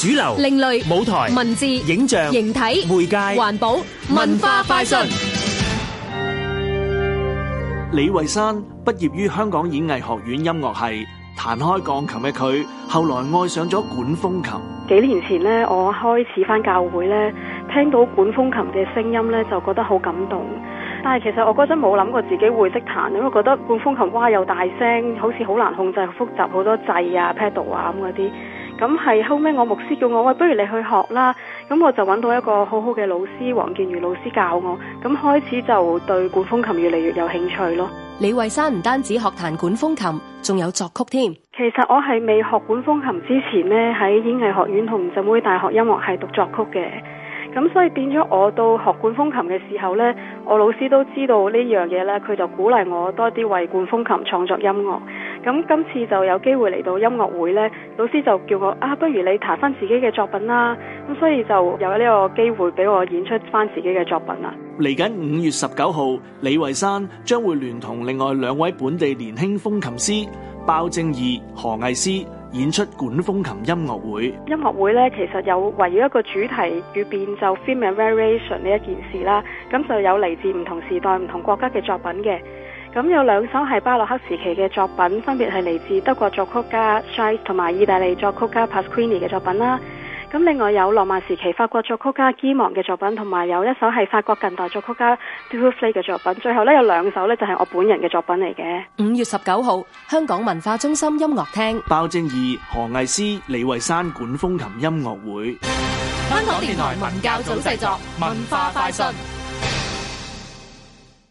主流、另類舞台、文字、影像、形體、媒介、環保、文化、快訊。李慧珊畢業於香港演藝學院音樂係，彈開鋼琴嘅佢，後來愛上咗管風琴。幾年前呢，我開始翻教會呢，聽到管風琴嘅聲音呢，就覺得好感動。但係其實我嗰陣冇諗過自己會識彈，因為覺得管風琴哇又大聲，好似好難控制，好複雜好多掣啊，pedal 啊咁嗰啲。Pedal, 等等咁係後尾我牧師叫我，喂，不如你去學啦。咁我就揾到一個好好嘅老師，黃建瑜老師教我。咁開始就對管風琴越嚟越有興趣咯。李慧珊唔單止學彈管風琴，仲有作曲添。其實我係未學管風琴之前呢，喺演藝學院同浸會大學音樂系讀作曲嘅。咁所以變咗我到學管風琴嘅時候咧，我老師都知道呢樣嘢咧，佢就鼓勵我多啲為管風琴創作音樂。咁今次就有機會嚟到音樂會咧，老師就叫我啊，不如你彈翻自己嘅作品啦。咁所以就有呢個機會俾我演出翻自己嘅作品啦。嚟緊五月十九號，李慧珊將會聯同另外兩位本地年輕風琴師包正義、何藝詩。演出管風琴音樂會。音樂會咧，其實有圍繞一個主題與變奏 f e m a l e variation） 呢一件事啦。咁就有嚟自唔同時代、唔同國家嘅作品嘅。咁有兩首係巴洛克時期嘅作品，分別係嚟自德國作曲家 Schreier 同埋意大利作曲家 Pasquini 嘅作品啦。咁另外有浪漫時期法國作曲家基芒嘅作品，同埋有，有一首係法國近代作曲家杜瑞嘅作品。最後咧，有兩首咧，就係我本人嘅作品嚟嘅。五月十九號，香港文化中心音樂廳，鮑正義、何藝詩、李慧珊管風琴音樂會。香港電台文教組製作，文化快訊。